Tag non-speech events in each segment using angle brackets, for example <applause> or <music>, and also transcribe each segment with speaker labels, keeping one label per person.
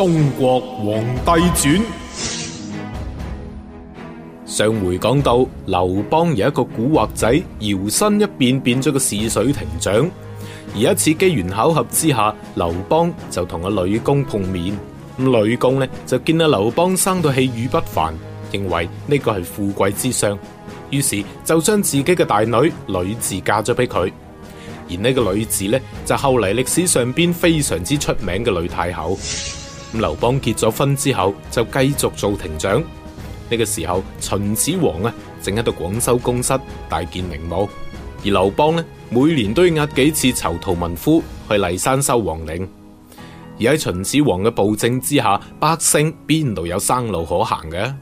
Speaker 1: 《中國皇帝傳》上回講到，劉邦有一個古惑仔搖身一邊變變咗個試水亭長。而一次機緣巧合之下，劉邦就同阿呂公碰面。咁呂公呢就見到劉邦生到氣宇不凡，認為呢個係富貴之相，於是就將自己嘅大女呂字嫁咗俾佢。而呢個呂字呢，就後嚟歷史上邊非常之出名嘅呂太后。咁劉邦結咗婚之後就繼續做亭長。呢、這個時候秦始皇啊正喺度廣修宮室，大建陵墓。而劉邦呢，每年都要押幾次囚徒民夫去驪山修皇陵。而喺秦始皇嘅暴政之下，百姓邊度有生路可行嘅？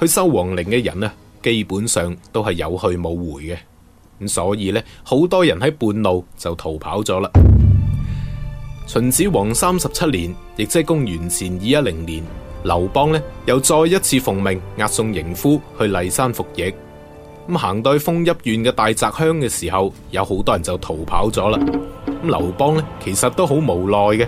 Speaker 1: 去修皇陵嘅人呢、啊，基本上都係有去冇回嘅。咁所以呢，好多人喺半路就逃跑咗啦。秦始皇三十七年，亦即係公元前二一零年，劉邦呢，又再一次奉命押送刑夫去驪山服役。咁行到封豐邑縣嘅大澤鄉嘅時候，有好多人就逃跑咗啦。咁劉邦呢，其實都好無奈嘅，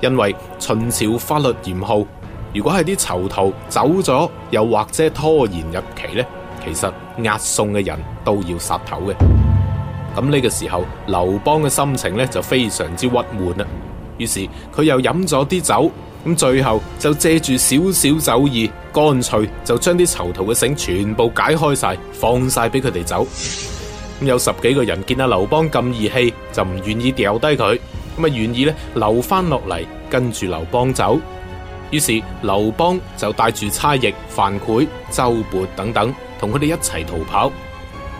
Speaker 1: 因為秦朝法律嚴酷，如果係啲囚徒走咗，又或者拖延日期呢，其實押送嘅人都要殺頭嘅。咁、這、呢個時候，劉邦嘅心情呢，就非常之鬱悶啦。於是佢又飲咗啲酒，咁最後就借住少少酒意，乾脆就將啲囚徒嘅繩全部解開晒，放晒俾佢哋走。咁有十幾個人見阿劉邦咁義氣，就唔願意掉低佢，咁啊願意咧留翻落嚟跟住劉邦走。於是劉邦就帶住差役樊噲、周勃等等，同佢哋一齊逃跑。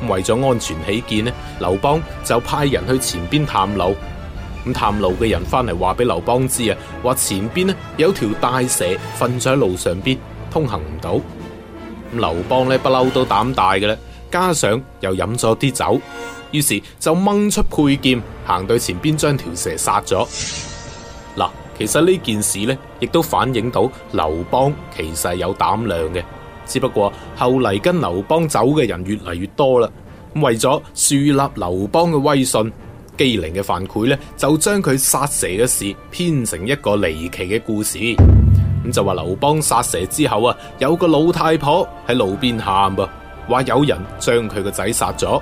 Speaker 1: 咁為咗安全起見咧，劉邦就派人去前邊探路。探路嘅人翻嚟話俾劉邦知啊，話前邊呢有條大蛇瞓咗喺路上邊，通行唔到。咁劉邦呢不嬲都膽大嘅啦，加上又飲咗啲酒，於是就掹出佩劍行到前邊，將條蛇殺咗。嗱，其實呢件事呢，亦都反映到劉邦其實有膽量嘅，只不過後嚟跟劉邦走嘅人越嚟越多啦，咁為咗樹立劉邦嘅威信。機靈嘅樊噲呢，就將佢殺蛇嘅事編成一個離奇嘅故事。咁就話劉邦殺蛇之後啊，有個老太婆喺路邊喊，話有人將佢個仔殺咗。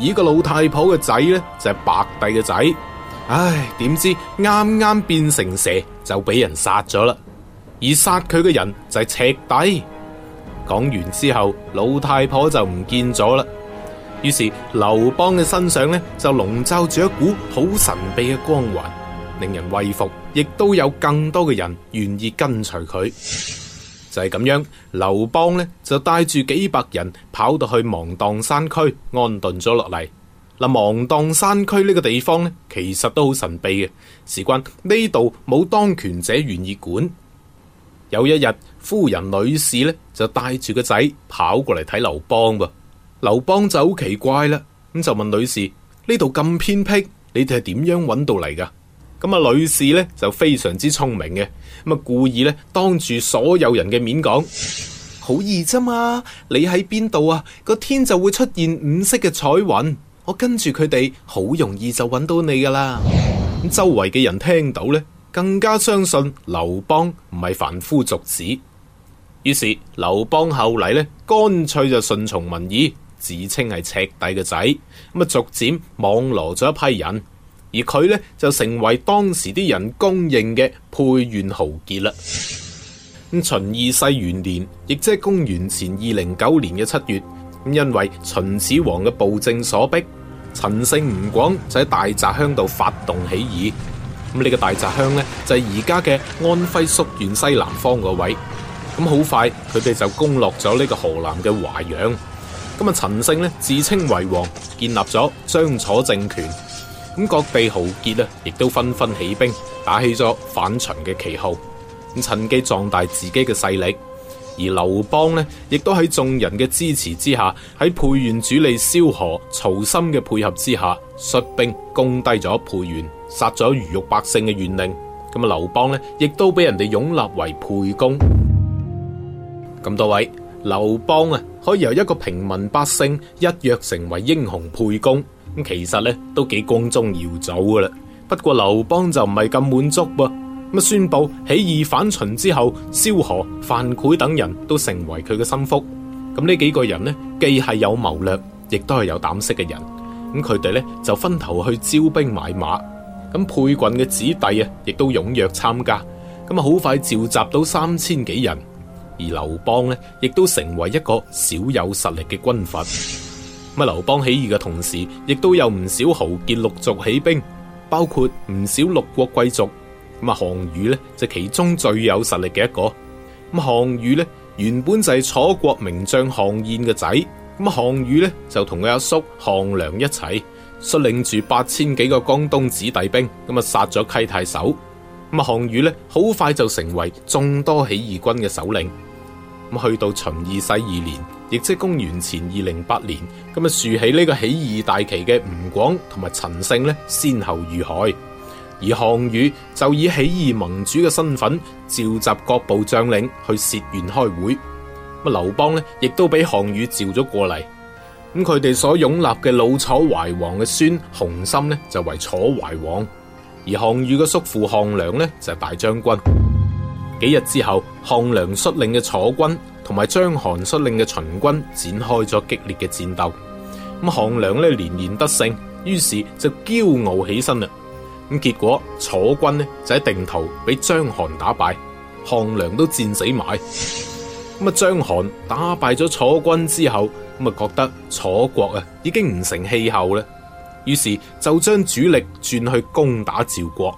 Speaker 1: 而個老太婆嘅仔呢，就係白帝嘅仔。唉，點知啱啱變成蛇就俾人殺咗啦。而殺佢嘅人就係赤帝。講完之後，老太婆就唔見咗啦。於是劉邦嘅身上呢，就籠罩住一股好神秘嘅光環，令人畏服，亦都有更多嘅人願意跟隨佢。就係、是、咁樣，劉邦呢，就帶住幾百人跑到去芒碭山區安頓咗落嚟。嗱，芒碭山區呢個地方呢，其實都好神秘嘅，事關呢度冇當權者願意管。有一日，夫人女士呢，就帶住個仔跑過嚟睇劉邦噃。劉邦就好奇怪啦，咁就問女士：呢度咁偏僻，你哋係點樣搵到嚟噶？咁啊，女士呢就非常之聰明嘅，咁啊故意呢當住所有人嘅面講，好 <noise> 易咋嘛！你喺邊度啊？個天就會出現五色嘅彩雲，我跟住佢哋，好容易就搵到你噶啦。咁 <noise> 周圍嘅人聽到呢，更加相信劉邦唔係凡夫俗子。於是劉邦後嚟呢，乾脆就順從民意。自稱係赤帝嘅仔，咁啊逐漸網羅咗一批人，而佢呢，就成為當時啲人公認嘅沛縣豪傑啦。咁秦二世元年，亦即係公元前二零九年嘅七月，咁因為秦始皇嘅暴政所逼，陳勝吳廣就喺大澤鄉度發動起義。咁、這、呢個大澤鄉呢，就係而家嘅安徽宿縣西南方嗰位。咁好快佢哋就攻落咗呢個河南嘅華陽。咁啊，陳勝咧自稱為王，建立咗張楚政權。各地豪傑咧，亦都紛紛起兵，打起咗反秦嘅旗號，趁機壯大自己嘅勢力。而劉邦咧，亦都喺眾人嘅支持之下，喺沛縣主理蕭何、曹參嘅配合之下，率兵攻低咗沛縣，殺咗魚肉百姓嘅縣令。咁啊，劉邦呢亦都俾人哋擁立為沛公。咁多位。劉邦啊，可以由一個平民百姓一躍成為英雄沛公，咁其實咧都幾光宗耀祖噶啦。不過劉邦就唔係咁滿足噃，咁啊，宣布起義反秦之後，蕭何、樊噲等人都成為佢嘅心腹。咁呢幾個人咧，既係有謀略，亦都係有膽識嘅人。咁佢哋咧就分頭去招兵買馬，咁沛郡嘅子弟啊，亦都踊躍參加。咁啊，好快召集到三千幾人。而劉邦呢，亦都成為一個少有實力嘅軍閥。咁啊，劉邦起義嘅同時，亦都有唔少豪傑陸續起兵，包括唔少六國貴族。咁啊，項羽呢，就其中最有實力嘅一個。咁項羽呢，原本就係楚國名將項燕嘅仔。咁啊，項羽呢，就同佢阿叔項梁一齊率領住八千幾個江東子弟兵，咁啊，殺咗溪太守。咁項羽呢，好快就成為眾多起義軍嘅首領。咁去到秦二世二年，亦即公元前二零八年，咁啊，豎起呢個起義大旗嘅吳廣同埋陳勝呢，先後遇害。而項羽就以起義盟主嘅身份召集各部將領去薛縣開會。咁啊，劉邦呢，亦都俾項羽召咗過嚟。咁佢哋所擁立嘅老楚懷王嘅孫熊心呢，就為楚懷王。而項羽嘅叔父項梁呢，就係、是、大將軍。幾日之後，項梁率領嘅楚軍同埋張韓率領嘅秦軍展開咗激烈嘅戰鬥。咁項梁呢連連得勝，於是就驕傲起身啦。咁結果楚軍呢就喺定陶俾張韓打敗，項梁都戰死埋。咁啊張韓打敗咗楚軍之後，咁啊覺得楚國啊已經唔成氣候啦。於是就將主力轉去攻打趙國，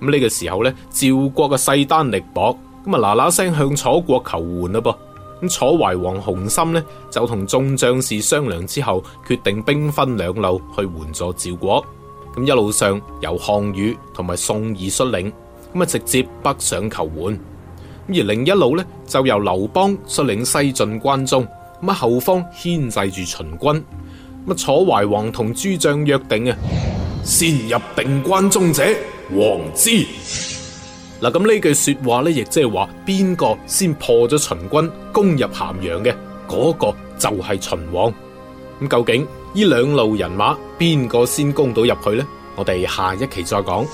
Speaker 1: 咁、這、呢個時候咧，趙國嘅勢單力薄，咁啊嗱嗱聲向楚國求援啦噃。咁楚懷王熊心咧，就同眾將士商量之後，決定兵分兩路去援助趙國。咁一路上由項羽同埋宋義率領，咁啊直接北上求援。而另一路咧就由劉邦率領西進關中，咁後方牽制住秦軍。乜楚懷王同諸將約定啊，先入定關中者王之。嗱，咁呢句說話咧亦即係話，邊個先破咗秦軍攻入咸陽嘅，嗰個就係秦王。咁究竟呢兩路人馬邊個先攻到入去呢？我哋下一期再講。